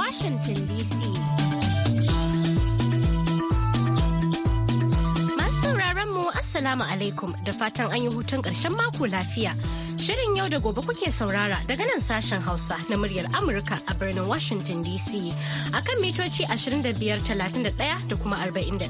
Washington DC. Masu sauraron mu Assalamu alaikum da fatan an yi hutun ƙarshen mako lafiya. Shirin yau da gobe kuke saurara daga nan sashen Hausa na muryar Amurka a birnin Washington DC kan mitoci 25,31 da kuma 41.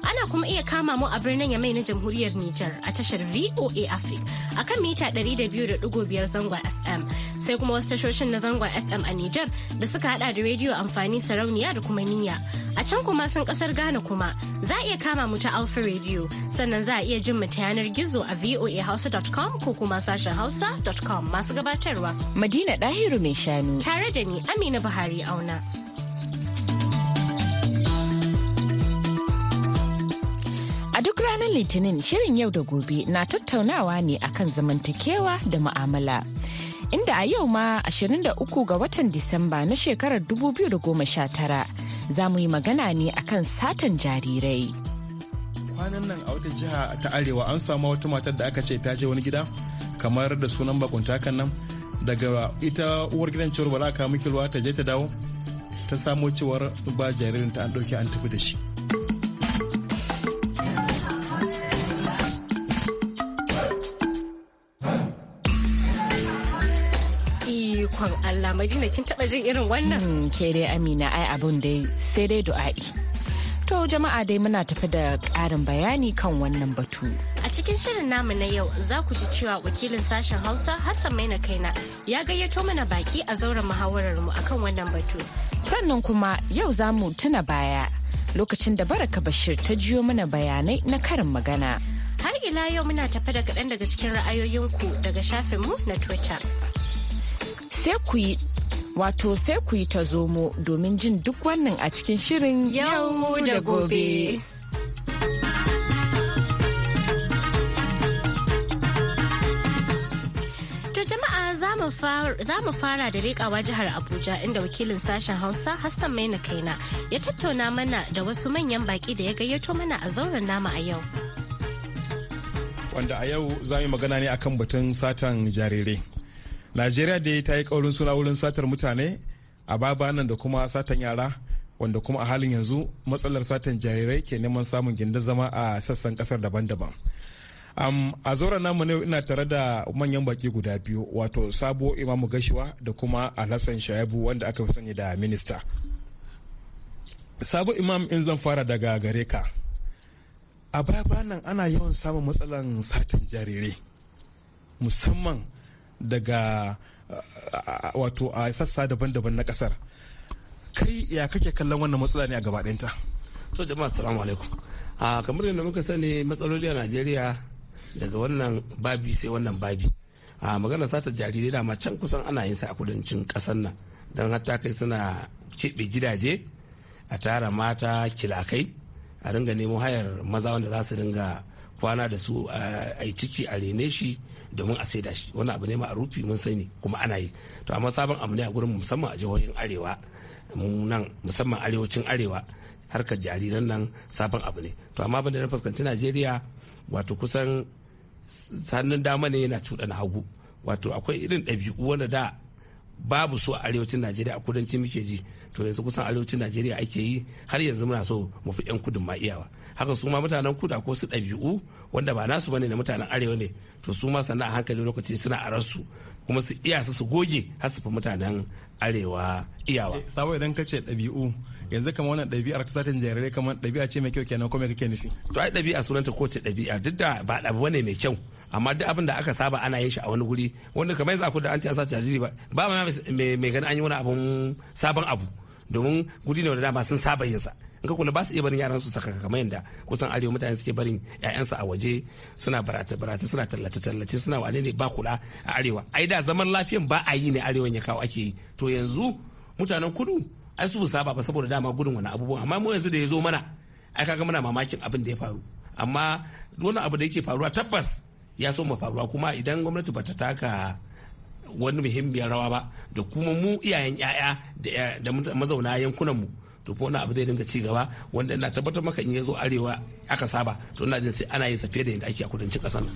Ana kuma iya kama mu a birnin Yamai na Jamhuriyar Nijar a tashar VOA Africa a kan mita 200.5 zangon FM. sai kuma wasu tashoshin na zangon FM a Nijar da suka hada da rediyo amfani sarauniya da kuma niyya. A can kuma sun kasar Ghana kuma za a iya kama mu ta Alpha Radio sannan za a iya jin mu ta yanar gizo a voahausa.com ko kuma sashen hausa.com masu gabatarwa. Madina Dahiru mai shanu. Tare da ni Amina Buhari auna. A duk ranar Litinin shirin yau da gobe na tattaunawa ne akan zamantakewa da mu'amala. inda a yau ma 23 ga watan Disamba na shekarar 2019 za mu yi magana ne a kan satan jarirai. Kwanan nan a wata jiha ta Arewa an samu wata matar da aka ce ta je wani gida kamar da sunan bakunta kan nan daga ita uwar gidan cewar ba za ka ta je ta dawo ta samo cewar ba jaririnta an ɗauke an tafi da shi. Allah Madina kin taba jin irin wannan? Hmm, ke dai Amina ai abun dai sai dai du'a'i. To jama'a dai muna tafi da ƙarin bayani kan wannan batu. A cikin shirin namu na yau za ku ji cewa wakilin sashen Hausa Hassan Maina Kaina ya gayyato mana baki a zauren muhawarar mu akan wannan batu. Sannan kuma yau za mu tuna baya lokacin da Baraka Bashir ta jiyo mana bayanai na karin magana. Har ila yau muna tafi da kaɗan daga cikin ra'ayoyinku daga shafinmu na Twitter. sai ku yi wato sai ku yi ta zomo domin jin duk wannan a cikin shirin yau da gobe. za mu fara da rikawa jihar Abuja inda wakilin sashen Hausa Hassan Maina Kaina ya tattauna mana da wasu manyan baki da ya gayyato mana a zauren nama a yau. Wanda a yau za mu magana ne akan batun satan jarirai. najeriya da ta yi kaurin suna wurin satar mutane a babanan da kuma satan yara wanda kuma a halin yanzu matsalar satan jarirai ke neman samun gindin zama a sassan kasar daban-daban um, a zora namu ne ina tare da manyan baki guda biyu wato sabo imamu gashiwa da kuma alhassan shayabu wanda aka fi sani da minista sabo imam in zan fara daga gare ka a baya nan ana yawan samun matsalan satin jarirai musamman daga wato a sassa daban-daban na kasar kai ya kake kallon wannan matsala ne a gabaɗinta to jama'a assalamu alaikum a kamar yadda muka sani matsaloli a najeriya daga wannan babi sai wannan babi a magana sata jarirai dama can kusan ana yin sa a kudancin kasar nan don hatta kai suna keɓe gidaje a tara mata kilakai a dinga nemo hayar maza wanda za su dinga kwana da su a ciki a rene shi domin a saida shi wani abu ne ma a rufi mun sani kuma ana yi to amma sabon abu ne a gurin musamman a jihohin arewa nan musamman arewacin arewa harkar jariran nan sabon abu ne to amma banda na fuskanci najeriya wato kusan sannan dama ne yana cuɗa na hagu wato akwai irin ɗabi'u wanda da babu su a arewacin najeriya a kudanci muke ji to yanzu kusan arewacin najeriya ake yi har yanzu muna so mu fi yan kudin ma iyawa haka su ma mutanen kuda ko su ɗabi'u wanda ba nasu bane na mutanen arewa ne to su ma sannan a hankali lokaci suna a rasu kuma su iya su goge har su fi mutanen arewa iyawa eh, sabo idan ka ce ɗabi'u yanzu kamar wannan ɗabi'ar satin jarirai kamar ɗabi'a ce mai kyau kenan ko me kake nufi to ai ɗabi'a sunanta ko ce ɗabi'a duk da ba ɗabi wane mai kyau amma duk abin da aka saba ana yin shi a wani guri wanda kamar yanzu akwai da an ce an sa jariri ba ba ma mai ganin an yi wani abun sabon abu domin guri ne da dama sun saba yin sa in ka kula ba su iya barin yaran su saka kamar yadda kusan arewa mutane suke barin ƴaƴansu a waje suna barata barata suna tallace tallace suna wane ne ba kula a arewa ai da zaman lafiyan ba a yi ne arewa ya kawo ake yi to yanzu mutanen kudu ai su saba ba saboda dama gudun wani abubuwa amma mu yanzu da ya zo mana ai kaga muna mamakin abin da ya faru amma wani abu da yake faruwa tabbas ya so mu faruwa kuma idan gwamnati bata taka wani muhimmiyar rawa ba da kuma mu iyayen 'ya'ya da mazauna yankunanmu to ko wani abu zai dinga ci gaba wanda ina tabbatar maka in ya zo arewa aka saba to ina jin sai ana yin sa fiye da yadda ake a kudancin kasar nan.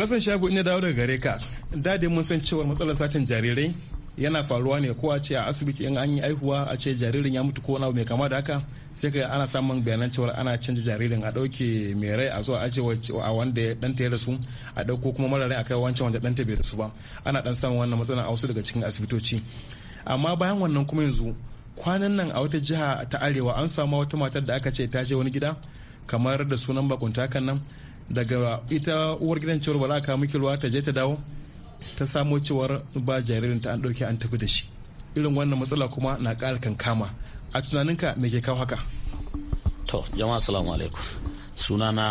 lasan shago ina dawo daga gare ka dade mun san cewa matsalar satin jarirai yana faruwa ne ko a ce a asibiti in an yi aihuwa a ce jaririn ya mutu ko wani abu mai kama da haka sai ka ana samun bayanan cewa ana canja jaririn a dauke mai rai a zo a wanda a wanda danta ya rasu a dauko kuma mara rai a kai wancan wanda danta bai rasu ba ana dan samun wannan matsalar a wasu daga cikin asibitoci amma bayan wannan kuma yanzu kwanan nan a wata jiha ta arewa an samu wata matar da aka ce ta je wani gida kamar da sunan bakunta kan nan daga ita uwar gidan cewar ba za miki ruwa ta je ta dawo ta samo cewar ba jaririn ta an ɗauke an tafi da shi irin wannan matsala kuma na ƙara kankama a tunaninka me ke kawo haka to jama'a assalamu alaikum sunana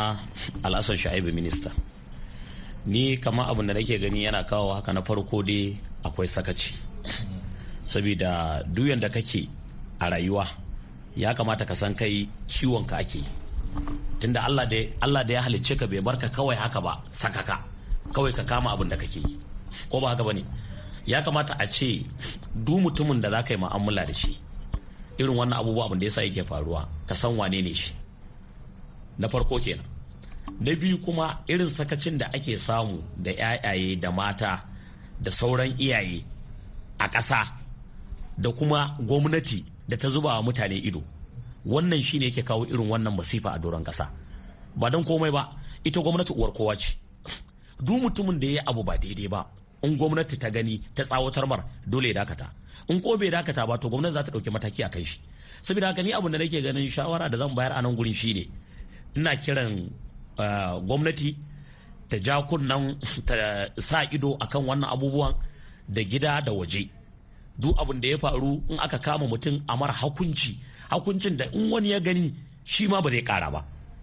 al'asan sha'ibu minista ni kama abin da nake gani yana kawo haka na farko dai akwai sakaci saboda duyan da kake a rayuwa ya kamata ka san kai kiwon ka ake tunda Allah da ya halicce ka bai barka kawai haka ba sakaka kawai ka kama abin da kake ko ba haka bane ya kamata a ce duk mutumin da za ka yi mu'amala da shi irin wannan abubuwa abin da yasa yake faruwa ka san wane ne shi na farko kenan na biyu kuma irin sakacin da ake samu da yayaye da mata da sauran iyaye a ƙasa da kuma gwamnati da ta zuba wa mutane ido wannan shi ne yake kawo irin wannan masifa a doron kasa. ba don komai ba ita gwamnati uwar kowa ce duk mutumin da ya abu ba daidai ba in gwamnati ta gani ta tsawatar mar dole ya dakata in ko bai dakata ba to gwamnati za ta dauki mataki a kan shi saboda haka ni abin da nake ganin shawara da zan bayar a nan gurin shine ina kiran eh, gwamnati ta ja kunnan ta sa ido akan wannan abubuwan da gida da waje duk abin da ya faru in aka kama mutum a mara hakunci hakuncin da in wani ya gani shi ma ba zai kara ba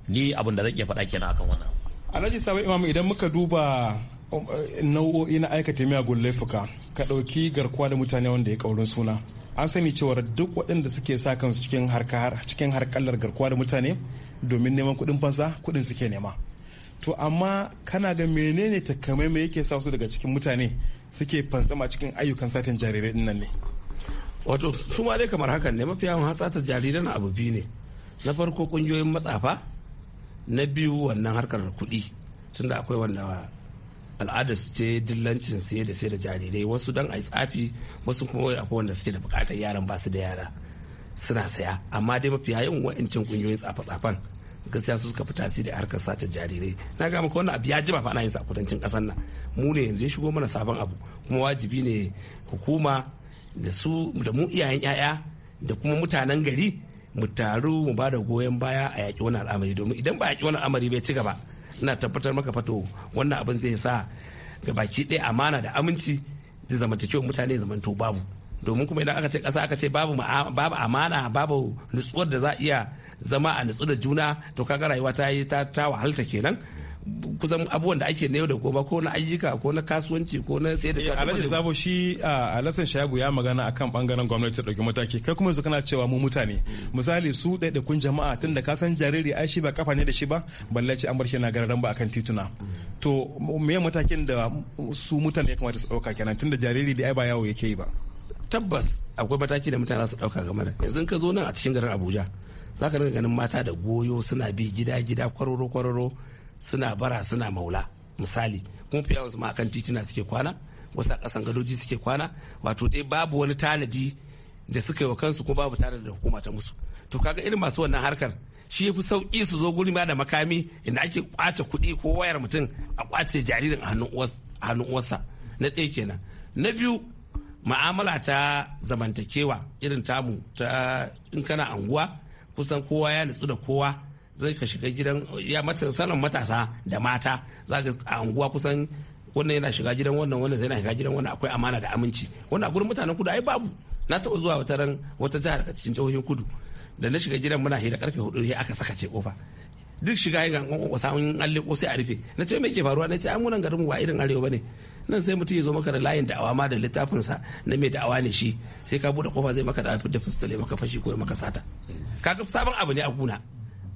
ni abin da zan iya faɗa kenan akan wannan alhaji sabai imam idan muka duba um, eh, nau'o'i na aikata miyagun laifuka ka ɗauki garkuwa da mutane wanda ya kaurin suna an sani cewar duk waɗanda suke sa kansu cikin harkallar garkuwa da mutane domin neman kuɗin fansa kuɗin suke nema to amma kana ga menene mai yake sa su daga cikin mutane suke fansama cikin ayyukan satin jarirai dinnan ne wato su ma dai kamar hakan ne mafi yawan hatsatar jariran abu biyu ne na farko kungiyoyin matsafa na biyu wannan harkar kuɗi tunda akwai wanda al'ada su ce dillancin siye da siye da jarirai wasu dan yi tsafi wasu kuma wai akwai wanda suke da bukatar yaran ba su da yara suna saya amma dai mafi yawan wa'incin kungiyoyin tsafa-tsafan gaskiya su suka fi tasiri harkar sace jarirai na ga maka wannan abu ya jima fa ana yin sa kudancin kasar nan mu ne yanzu ya shigo mana sabon abu kuma wajibi ne hukuma da su da mu iyayen yaya da kuma mutanen gari mu taru mu ba da goyon baya a yaƙi wannan al'amari domin idan ba yaƙi wannan al'amari bai ci gaba ina tabbatar maka fato wannan abin zai sa ga baki ɗaya amana da aminci da zamantakewa mutane zamanto babu domin kuma idan aka ce ƙasa aka ce babu amana babu nutsuwar da za a iya zama a nutsu da juna to kaga rayuwa ta yi ta wahalta kenan kusan abubuwan da ake yau da gobe ko na ayyuka ko na kasuwanci ko na sai da shago. Eh, Alhaji Sabo shi ah, Alhassan Shabu ya magana akan bangaren gwamnati ta dauki mataki kai kuma yanzu kana cewa mu mutane misali su kun jama'a tun da ka san jariri ai shi ba kafa ne da shi ba balle ce an bar shi na gararan ba akan tituna. To me matakin da su mutane ya kamata su dauka kenan tun da jariri da ai ba yawo yake yi ba. Tabbas akwai mataki da mutane za su dauka game da yanzu ka zo nan a cikin garin Abuja. za ka rinka ganin mata da goyo suna bi gida gida kwaroro kwaroro suna bara suna maula misali kuma fiye wasu ma akan titina suke kwana wasu a kasan gadoji suke kwana wato dai babu wani tanadi da suka yi wa kansu kuma babu tanadi da hukuma ta musu to kaga irin masu wannan harkar shi ya fi sauƙi su zo guri ma da makami inda ake kwace kuɗi ko wayar mutum a kwace jaririn a hannun uwarsa na ɗaya kenan na biyu ma'amala ta zamantakewa irin tamu ta in kana anguwa kusan kowa ya nutsu da kowa zai ka shiga gidan ya sanin matasa da mata za ka a unguwa kusan wannan yana shiga gidan wannan wannan zai na shiga gidan wannan akwai amana da aminci wannan a gurin mutanen kudu ai babu na taɓa zuwa wata ran wata jihar ka cikin jihohin kudu da na shiga gidan muna hira karfe hudu sai aka saka ce kofa duk shiga yin gangon kwakwasa an an ko sai a rufe na ce me ke faruwa na ce an munan garin ba irin arewa ne. nan sai mutum ya zo maka da layin da'awa ma da littafinsa na mai da'awa ne shi sai ka bude kofa zai maka da da fistole maka fashi ko maka sata kaga sabon abu ne a guna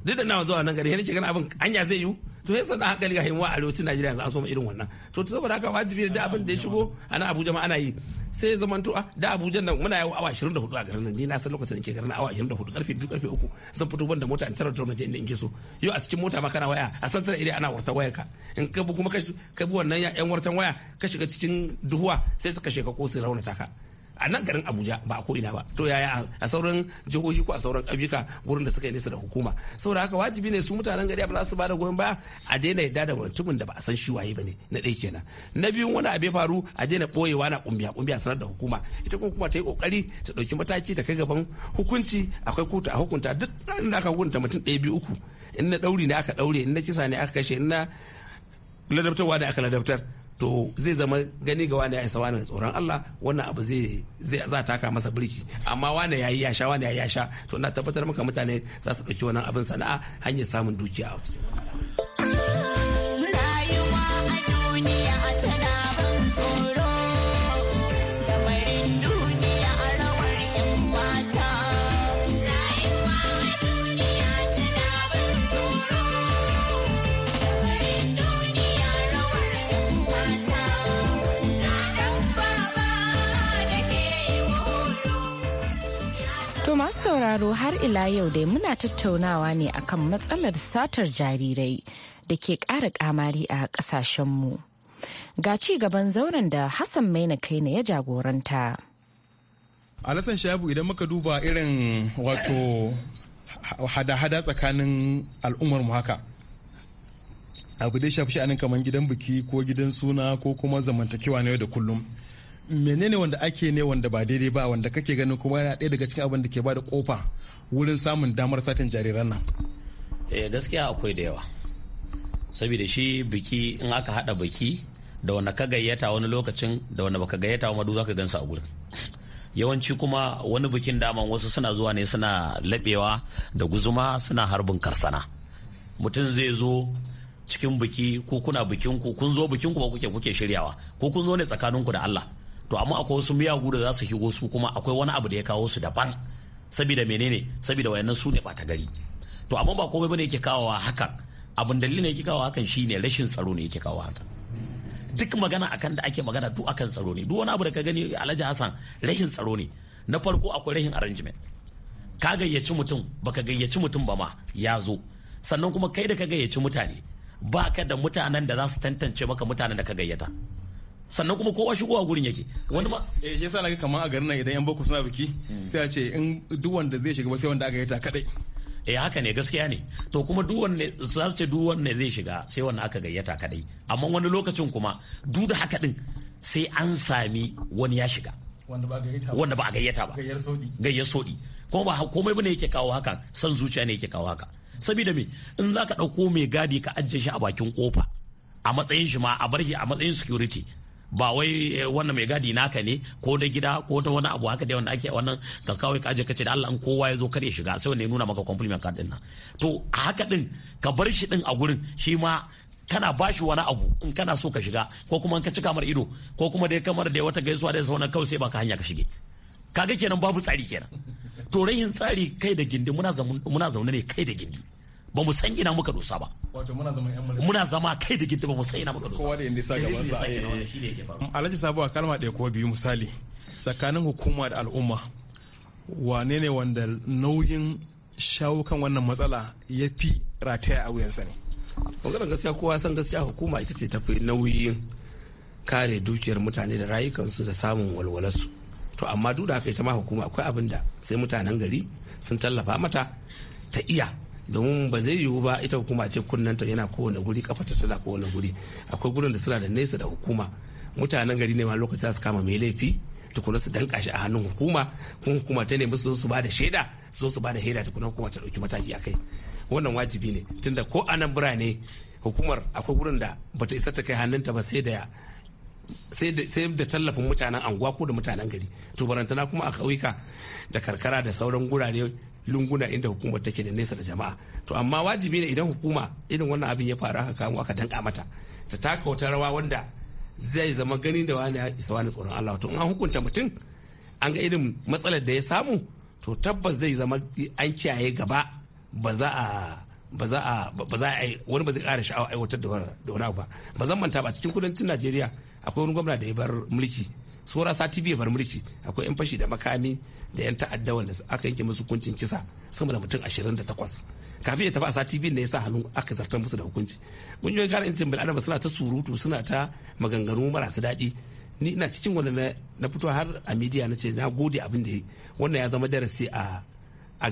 duk da na zuwa nan gari ke gani abin hanya zai yi to yin sana hankali ga wa arewacin najeriya yanzu an so irin wannan to saboda haka wajibi da abin da ya shigo a nan abuja ma ana yi sai ya zama a ah, da abuja nan muna yawo awa 24 a garin nan ni na san lokacin da ke garin awa 24 karfe 2 karfe 3 zan fito banda mota in tarar da wani inda in ke so yau a cikin mota ma kana waya a san tara ana warta wayar ka in ka kuma ka bi wannan yan wartan waya ka shiga cikin duhuwa sai suka sheka ko su raunata ka a nan garin abuja ba a ko ina ba to yaya a sauran jihohi ko a sauran ƙauyuka wurin da suka yi nisa da hukuma saboda haka wajibi ne su mutanen gari ba za su bada goyon baya a daina yadda da mutumin da ba a san shi waye bane na ɗaya kenan na biyun wani ya faru a daina ɓoyewa na kumbiya kumbiya sanar da hukuma ita kuma kuma ta yi kokari ta ɗauki mataki ta kai gaban hukunci akwai kotu a hukunta duk inda aka hukunta mutum ɗaya biyu uku in na ɗauri ne aka ɗaure in na kisa ne aka kashe in na ladabtarwa da aka ladabtar to zai zama gani ga wani ya isa wani tsoron Allah wannan abu zai zai za taka masa birki amma wani yayi ya sha wani yayi ya sha to na tabbatar maka mutane za su dauki wannan abin sana'a hanyar samun dukiya a To masu sauraro har ila yau dai muna tattaunawa ne akan matsalar satar jarirai da ke ƙara kamari a ƙasashenmu. Ga ci gaban zauren da Hassan Maina na ya jagoranta. Alasan Shabu idan muka duba irin wato hada-hada tsakanin al'ummar haka. Abu dai shafi sha'anin kamar gidan biki ko gidan suna ko kuma zamantakewa na yau da kullum. menene wanda ake ne wanda ba daidai ba wanda kake ganin kuma yana ɗaya daga cikin abin da ke ba da kofa wurin samun damar satin jariran nan eh gaskiya akwai da yawa saboda shi biki in aka hada biki da wanda ka gayyata wani lokacin da wanda baka gayyata wani madu zaka gansa a gurin yawanci kuma wani bikin daman wasu suna zuwa ne suna laɓewa da guzuma suna harbin karsana mutum zai zo cikin biki ko kuna bikin kun zo bikin ba kuke kuke shiryawa ko kun zo ne tsakanin da Allah to amma akwai wasu miyagu da za su shigo su kuma akwai wani abu da ya kawo su daban saboda menene saboda wayannan su ne bata gari to amma ba komai bane yake kawowa hakan abin dalilin ne yake kawo hakan shine rashin tsaro ne yake kawo hakan duk magana akan da ake magana duk akan tsaro ne duk wani abu da ka gani Alhaji Hassan rashin tsaro ne na farko akwai rashin arrangement ka gayyaci mutum baka gayyaci mutum ba ma ya zo sannan kuma kai da ka gayyaci mutane ba ka da mutanen da za su tantance maka mutanen da ka gayyata sannan kuma kowa shigowa gurin yake wani ma eh yasa naga kaman a garin nan idan yan boko suna biki hmm. sai a ce in duk wanda zai shiga ba sai wanda aka gayyata kadai eh haka ne gaskiya ne to kuma duk wanne za su ce duk wanne zai shiga sai wanda aka gayyata kadai amma wani lokacin kuma duk da haka din sai an sami wani ya shiga wanda ba a gayyata ba gayyar sodi kuma ba komai bane yake kawo haka san zuciya ne yake kawo haka saboda me in za ka ɗauko mai gadi ka ajiye shi a bakin kofa a matsayin shi ma a bar shi a matsayin security ba wai eh, wannan mai gadi naka ne ko da gida ko da wani abu haka dai wanda ake wannan ka kawai ka je ce da Allah in kowa ya zo kare shiga sai wanda ya nuna maka compliment card din nan to a haka din ka bar shi din a gurin shi ma kana bashi wani abu in kana so ka shiga ko kuma in ka cika mar ido ko kuma dai kamar da wata gaisuwa da sauran kawai sai baka hanya ka shige kaga kenan babu tsari kenan to rayin tsari kai da gindi muna zaune ne kai da gindi ba mu san ina muka dosa ba muna zama kai da gidi ba mu san ina muka dosa kowa da inda sa gaban sa mm, alhaji a kalma ɗaya ko biyu misali tsakanin hukuma da al'umma wane ne wanda nauyin shawo kan wannan matsala ya fi rataya a wuyansa ne maganar gaskiya kowa san gaskiya hukuma ita ce tafi nauyin kare dukiyar mutane da rayukansu da samun walwalarsu to amma duk da haka ita ma hukuma akwai abin da sai mutanen gari sun tallafa mata ta iya domin ba zai yiwu ba ita hukuma ce kunnanta yana kowane guri kafata tana kowane guri akwai gurin da suna da nesa da hukuma mutanen gari ne ma lokacin su kama mai laifi tukuna su danka shi a hannun hukuma kuma hukuma ta nemi su su ba da shaida su su ba da shaida tukuna hukuma ta dauki mataki a kai wannan wajibi ne tunda ko a nan birane hukumar akwai gurin da bata isa ta kai hannunta ba sai da sai da tallafin mutanen anguwa ko da mutanen gari to barantana kuma a kauyuka da karkara da sauran gurare lunguna inda hukumar take da nesa da jama'a to amma wajibi ne idan hukuma irin wannan abin ya faru aka kamo aka danka mata ta taka wata rawa wanda zai zama gani da wani ya isa wani tsoron Allah to in an hukunta mutum an ga irin matsalar da ya samu to tabbas zai zama an kiyaye gaba ba za a ba za a ba za a wani ba zai ƙara sha'awa aiwatar da wani abu ba ba zan manta ba cikin kudancin Najeriya akwai wani gwamna da ya bar mulki saura sati biyu bar mulki akwai yan fashi da makami da 'yan ta'adda wanda aka yanke musu hukuncin kisa sama da mutum 28 kafin ya tafi a sati biyu da ya sa hannu aka zartar musu da hukunci kungiyoyin kare yancin bil'adama suna ta surutu suna ta maganganu marasu daɗi ni ina cikin wanda na fito har a midiya na ce na gode abin da wannan ya zama darasi a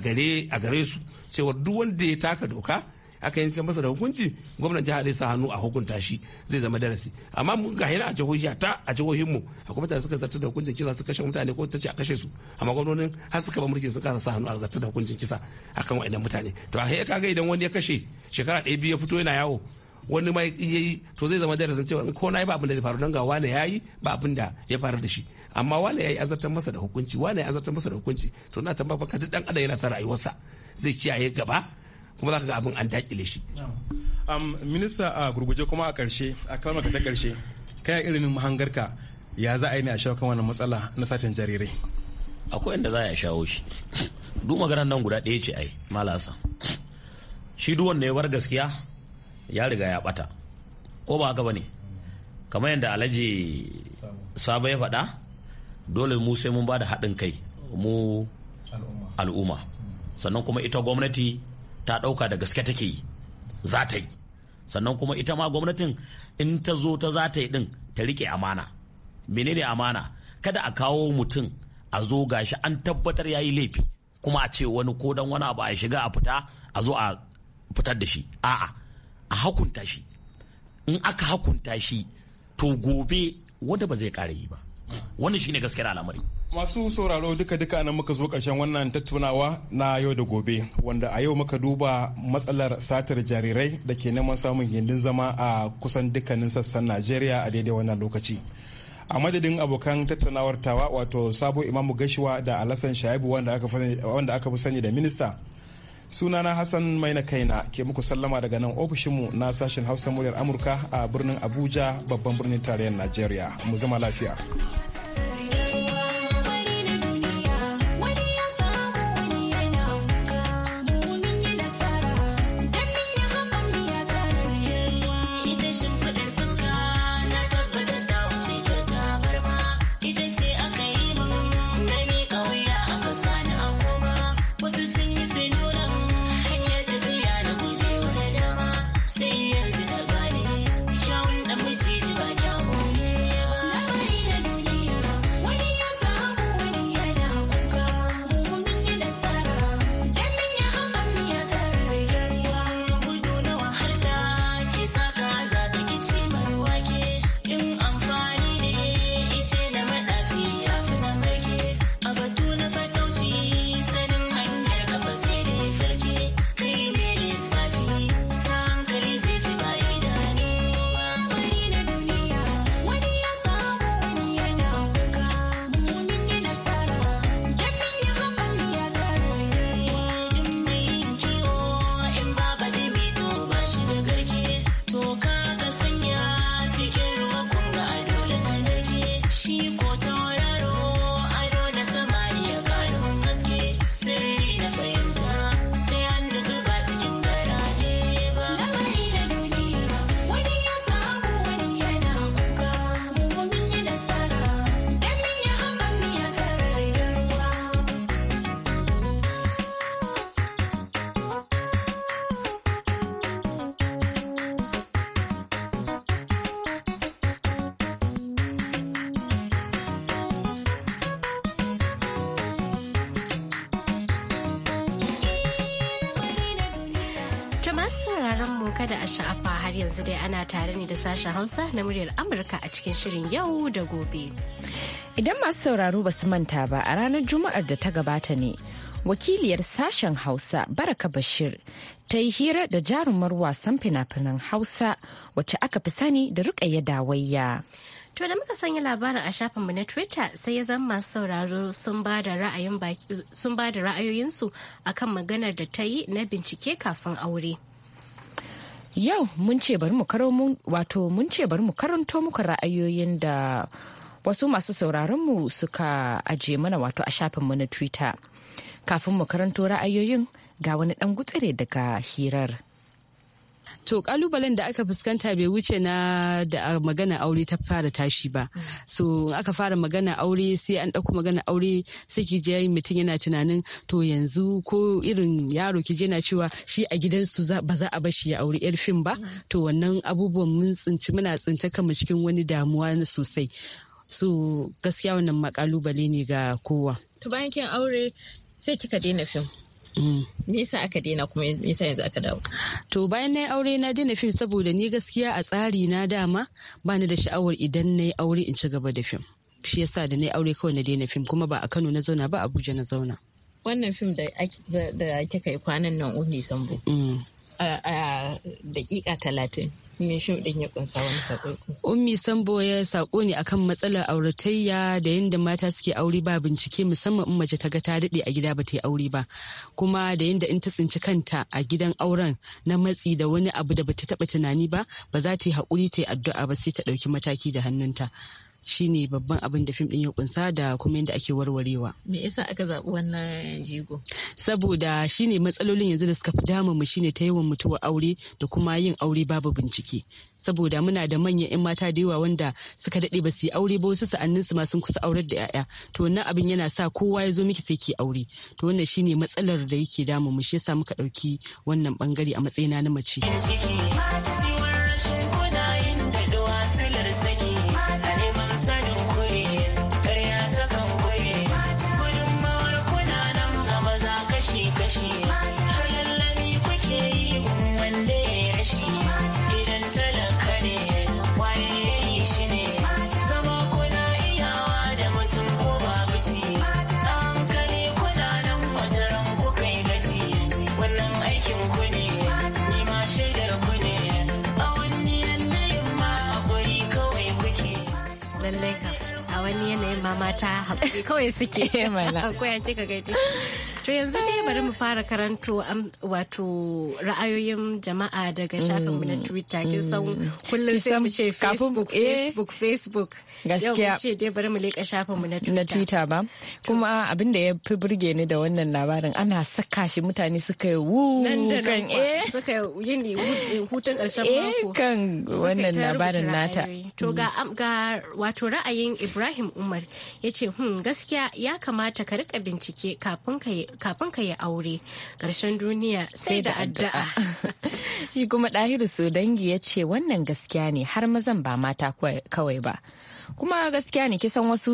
gare su cewar duk wanda ya taka doka aka yi masa da hukunci gwamnan jiha zai sa hannu a hukunta shi zai zama darasi amma mun ga hira a jihohi ta a jihohin mu a mutane suka zartar da hukuncin kisa suka kashe mutane ko ta ce a kashe su amma gwamnonin har suka ba mulki suka sa hannu a zartar da hukuncin kisa akan wa'annan mutane to a ka ga idan wani ya kashe shekara ɗaya biyu ya fito yana yawo wani ma ya yi to zai zama darasin cewa ko na yi ba abin da zai faru don ga wane ya yi ba abin da ya faru da shi amma wane ya yi azartar masa da hukunci wane ya azartar masa da hukunci to na tambaya fa duk dan adam yana sa rayuwarsa zai kiyaye gaba kuma za ka ga abin an dakile shi minista a gurguje kuma a ƙarshe a kalmar ta ƙarshe kai irin mahangarka ya za a yi ne a shawo kan wannan matsala na satin jarirai akwai inda za a shawo shi duk maganar nan guda ɗaya ce ai malasa shi duk wanda ya bar gaskiya ya riga ya bata ko ba haka bane kamar yadda alhaji sabo ya faɗa dole mu sai mun ba da haɗin kai mu al'umma sannan kuma ita gwamnati ta ɗauka da gaske take yi za ta yi sannan kuma ita ma gwamnatin in ta zo ta za ta yi ɗin ta riƙe amana menene amana kada a kawo mutum a zo gashi an tabbatar ya yi laifi kuma a ce wani ko dan wani abu a shiga a fita a zo a fitar da shi a'a a hakunta shi in aka hakunta shi to gobe wanda ba zai kare yi ba wannan shine gaskiyar al'amari Masu sauraro duka-duka nan muka zo karshen wannan tattaunawa na yau da gobe wanda a yau muka duba matsalar satar jarirai da ke neman samun gindin zama a kusan dukkanin sassan Najeriya a daidai wannan lokaci. a madadin abokan tattaunawar tawa wato sabo imamu gashiwa da alasan shaibu wanda aka fi sani da minista sunana hassan maina kaina ke muku sallama daga nan ofishinmu na sashen hausa muryar amurka a birnin abuja babban birnin tarayyar najeriya mu zama lafiya sha'afa har yanzu dai ana tare ne da sashen Hausa na muryar Amurka a cikin shirin yau da gobe. Idan masu sauraro ba su manta ba a ranar Juma'ar da ta gabata ne, wakiliyar sashen Hausa Baraka Bashir ta yi hira da jarumar wasan fina-finan Hausa wacce aka fi sani da rukaya Dawayya. To da muka sanya labarin a shafinmu na Twitter sai ya zama masu sauraro sun ba da ra'ayoyinsu akan maganar da ta yi na bincike kafin aure. Yau mun ce bari mu karo wato mun ce bari mu karanto muka ra'ayoyin da wasu masu mu suka aje mana wato a shafin mu na Twitter. Kafin mu karanto ra'ayoyin ga wani ɗan gutsire daga hirar. to kalubalen da aka fuskanta bai wuce na da magana aure ta fara tashi ba mm. so aka fara magana aure sai an ɗauko magana aure sai ki je mutum yana tunanin to yanzu ko irin yaro ki je na cewa shi a gidansu ba za a bar shi ya aure yar fim ba mm. to wannan abubuwan mun tsinci muna tsinta kama cikin wani damuwa sosai so gaskiya wannan makalubale ne ga kowa to bayan kin aure sai kika daina fim me yasa aka daina kuma me yasa yanzu aka dawo to bayan nayi aure na daina fim saboda ni gaskiya a tsari na dama ba ni da sha'awar idan nayi aure in ci gaba da fim shi yasa da nayi aure kawai na daina fim kuma ba a Kano na zauna ba Abuja na zauna wannan fim da kika yi kwanan nan Umi Sambo mm. daƙiƙa talatin me fim din ya kunsa wani sako ummi sambo ya sako ne akan matsalar auratayya da yadda mata suke aure ba bincike musamman in mace ta ga ta dade a gida ba ta yi aure ba kuma da yadda in ta tsinci kanta a gidan auren na matsi da wani abu da bata taɓa tunani ba ba za ta yi haƙuri ta yi addu'a ba sai ta ɗauki mataki da hannunta shine babban abin da fim din ya kunsa da kuma yadda ake warwarewa. Me yasa aka zaɓi wannan jigo? Saboda shine matsalolin yanzu da suka fi damun mu shine ta yawan mutuwar aure da kuma yin aure babu bincike. Saboda muna da manyan 'yan mata da yawa wanda suka daɗe ba su yi aure ba wasu sa'annin su ma sun kusa aurar da 'ya'ya. To wannan abin yana sa kowa ya zo miki sai ki aure. To wannan shine matsalar da yake damun mu shi yasa muka ɗauki wannan bangare a matsayina na mace. mata haƙuri kawai suke. Ko ya ka gaji. To yanzu dai bari mu fara karanto um, wato ra'ayoyin jama'a daga mm, shafin mu na mm, Twitter kin san mm. kullum sai mu ce eh, Facebook Facebook Facebook gaskiya yau ce dai bari mu leka shafin mu na Twitter na Twitter ba kuma abin da ya fi burge ni da wannan labarin ana saka shi mutane suka yi wu kan eh suka yi hutun karshen eh, mako kan wannan labarin nata to ga ga wato ra'ayin Ibrahim Umar yace hmm gaskiya ya kamata ka rika bincike kafin ka yi kafin ka yi aure ƙarshen duniya sai da addu'a shi kuma ɗahiru su dangi ya ce wannan gaskiya ne har mazan ba mata kawai ba kuma gaskiya ne kisan wasu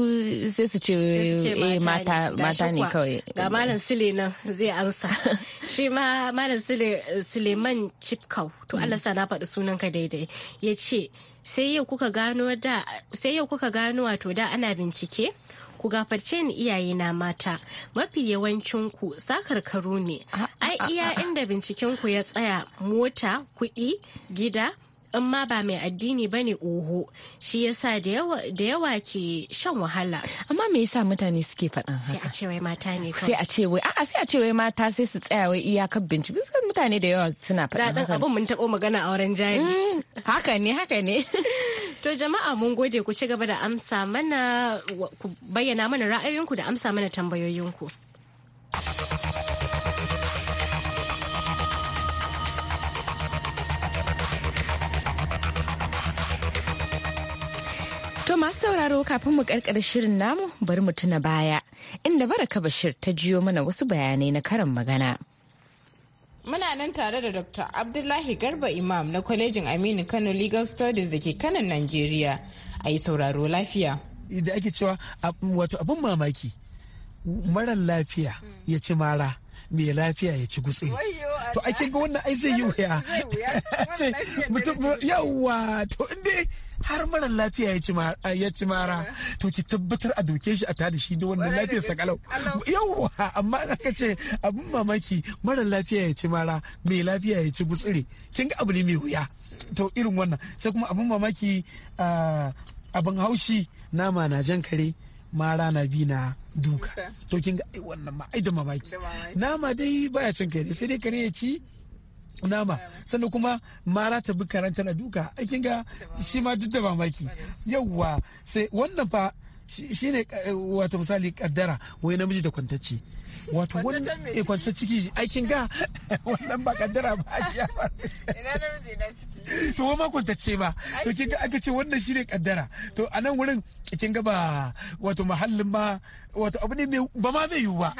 sai su ce eh mata mata ne kawai ga malam sule nan zai ansa shi ma malam sule suleiman chipkau to mm. Allah sa na faɗi sunan ka daidai ya ce sai yau kuka gano da sai yau kuka gano wato da ana bincike ku gafarce ni iyaye na mata mafi yawancin ku sakarkaru ne ah, ah, ai iya ah, inda binciken ku ya tsaya mota kuɗi gida in ma ba mai addini ba ne oho shi yasa da yawa ke shan wahala amma me yasa mutane suke faɗan haka sai a ce wai mata ne sai a ce wai a'a sai a ce wai mata sai su tsaya wai iyakar bincike mutane da yawa suna faɗan haka abin mun taɓo magana a wurin jari mm, haka ne haka ne to jama'a mun gode ku ci gaba da amsa mana ku bayyana mana ra'ayoyinku da amsa mana tambayoyinku masu sauraro kafin mu karkar shirin namu bari mu tuna baya inda Baraka Bashir ta jiyo mana wasu bayanai na karin magana. Muna nan tare da Dr. Abdullahi Garba Imam na kwalejin Aminu Kano Legal Studies da ke kanan Najeriya. A yi sauraro lafiya. Da ake cewa wato abin mamaki marar lafiya ya ci mara. mai lafiya ya ci gutsi. to ake ga wannan ai zai yi wuya yawwa to inda har mara lafiya ya ci mara to ki tabbatar a doke shi a tada shi da wannan lafiyar sa kalau yawwa amma ka ce abin mamaki mara lafiya ya ci mara mai lafiya ya ci gutsiri? kin ga abu ne mai wuya to irin wannan sai kuma abin mamaki abin haushi nama na jan kare mara na bi na duka to kin ga wannan ma ai da mamaki nama dai baya cin kai sai dai kare ya ci nama sannan kuma mara ta bi karanta na duka kin ga shi ma duk da mamaki yawwa sai wannan fa shi ne eh, wato misali kaddara wai namiji da kwantacce wato wani kwanta eh, ciki aikin ga wannan ba kaddara ba a jiya ba ina namiji na ciki to ma kwantacce ba to kin ga aka ce wannan shi ne kaddara to a nan wurin kin ga ba wato mahallin ba wato abu ne ba ma zai yiwu ba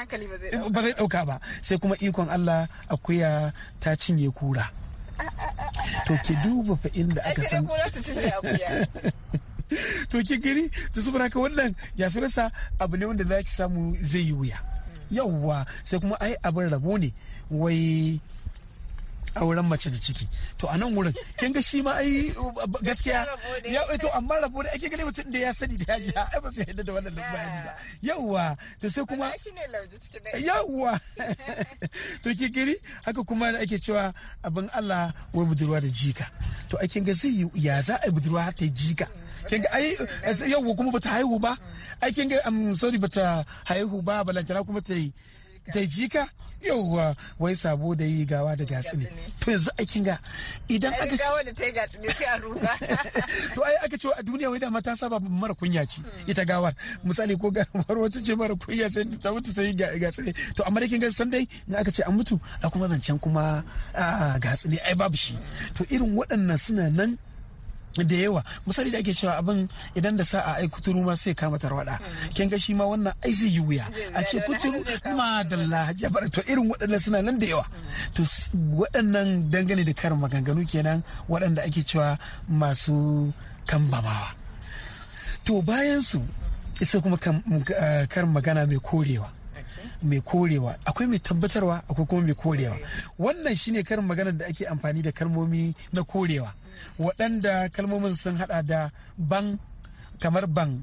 ba zai dauka ba sai kuma ikon Allah akuya ta cinye kura ah, ah, ah, to ki duba fa inda aka san akuya to ki gani to su haka wannan ya sunansa abu ne wanda za ki samu zai yi wuya yawwa sai kuma ai abin rabo ne wai auren mace da ciki to a nan wurin kin ga shi ma ai gaskiya ya eh, to amma rabo da ake gani mutum da ya sani da ya ji ai ba sai yadda da wannan labarin ba yawwa to sai kuma yawwa to ki gani haka kuma da ake cewa abin Allah wai budurwa da jika to a kin ga zai ya za a budurwa ta jika kin ga ai yawwa kuma bata haihu ba ai kin ga I'm sorry bata haihu ba balantana kuma ta yi ta jika yauwa wai sabo da yi gawa da gasi ne to yanzu a kinga idan aka ce gawa da ta yi gasi ne sai a ruga to ai aka ce a duniya wai da mata saba mara kunya ce hmm. ita gawar misali ko gawar wata ce mara kunya ce ta mutu yi gasi ne to amma da ga san dai in aka ce an mutu a kuma zancen kuma gasi ne ai babu shi to irin waɗannan suna nan da yawa misali da ake cewa abin idan da sa'a ai kuturu ma sai kama tarwada kin ga shi ma wannan ai zai yi wuya a ce kuturu ma dalla jabar to irin waɗannan suna nan da yawa to waɗannan dangane da karin maganganu kenan waɗanda ake cewa masu kambamawa to bayan su isa kuma eh, karin magana mai korewa mai korewa akwai mai tabbatarwa akwai kuma mai korewa wannan shine karin magana da ake amfani da kalmomi na korewa waɗanda kalmomin sun haɗa da ban kamar ban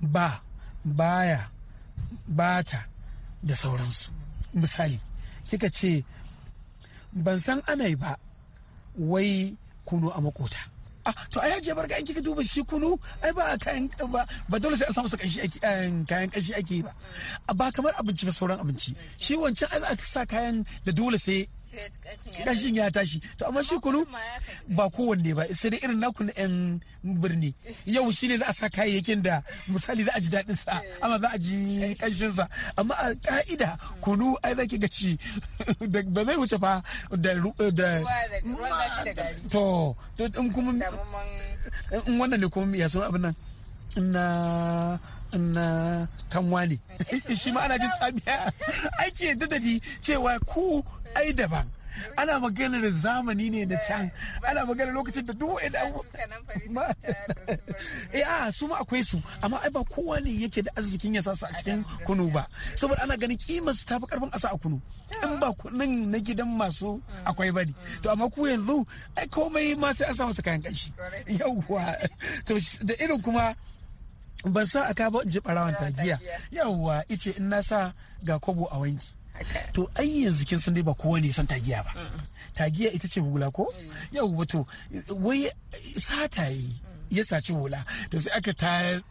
ba baya bata da sauransu misali kika ce ban san amai ba wai kunu a makota ah to ai hajiya barka in kika duba shi kunu ai ba kayan ba ba dole sai a samu kanshi ake eh, kayan kanshi ake ba ba kamar abinci ba sauran abinci shi wancan ai aka sa kayan da dole sai kashin ya tashi to amma shi kunu ba kowanne ba sai dai irin naku na yan birni yau shi ne za a sa kayayyakin da misali za a ji daɗin sa eh. amma za a ji kashin sa amma a ka'ida kunu ai zaki ga ci ba zai wuce fa da eh, to to in kuma in wannan ne kuma ya sun abin nan na na kanwa ne eh, shi ma ana jin tsamiya ake dadadi cewa ku ai daban ana magana da zamani ne na can ana magana lokacin da duk wani abubuwa ya su ma akwai su amma ai ba kowa ne yake da arzikin ya su a cikin kunu ba saboda ana ganin kimar su tafi karfin asa a kunu in ba kunun na gidan masu akwai ba ne mm. to amma ku yanzu ai komai ma sai an sa masa kayan kashi yauwa to da irin kuma ban sa aka ba in ji barawan tagiya yauwa ice in na sa ga kobo a wanki to ai yanzu kin san dai ba kowa ne san tagiya ba tagiya ita ce hula ko mm. yau wato wai sata yi ya saci hula to sai aka tayar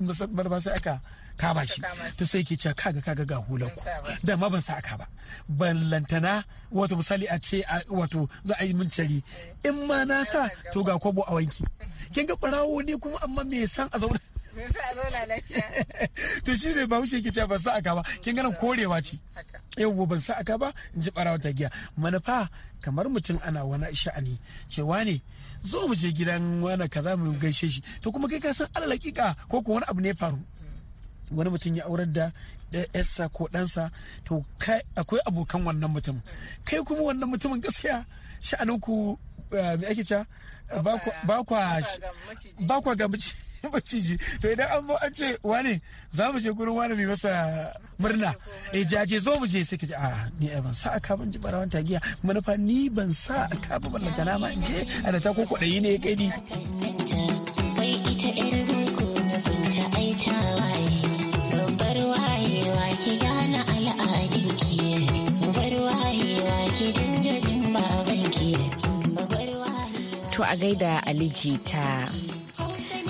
ba sai aka kaba shi to sai ke cewa kaga kaga ga hula ku da ma ban sa aka ba ban lantana wato misali a ce wato za a yi min cari eh. in ma na sa to ga kwabo a wanki kin ga barawo ne kuma amma me san a zauna Me yasa a lafiya? To shi zai bahaushe yake cewa ban sa aka ba. Kin ganin korewa ce. yau ban sa aka ba in ji barawa ta giya. Manufa kamar mutum ana wani sha'ani cewa ne zo mu je gidan wani kaza mu gaishe shi to kuma kai ka san ala hakika ko ko wani abu ne faru wani mutum ya aurar da yarsa ko ɗansa to akwai abokan wannan mutum kai kuma wannan mutumin gaskiya sha'aninku eh, me ake ca ba kwa ga mace maciji to idan an bo an ce wane za mu je gurin wane mai masa murna e eh, jaje zo mu je sai ka ji a ni ai ban sa aka ban ji barawan tagiya manufa ni ban sa aka ba ban na ma in je a da sako ko kwadayi ne ya kai ni To a gaida Aliji ta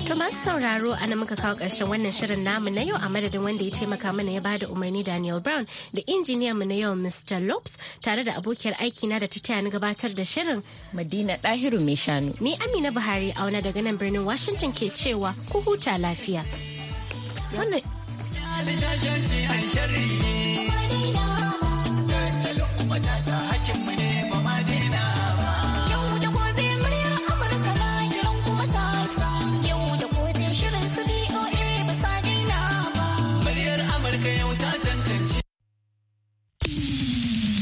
To masu sauraro a nan muka kawo ƙarshen wannan shirin namu na yau a madadin wanda ya taimaka mana ya bada umarni Daniel Brown da injiniyan mu na yau Mr. Lopes tare da abokiyar aikina da ta taya ni gabatar da shirin. Madina Dahiru mai shanu. Ni Amina Buhari auna daga nan birnin Washington ke cewa ku huta lafiya. Wannan.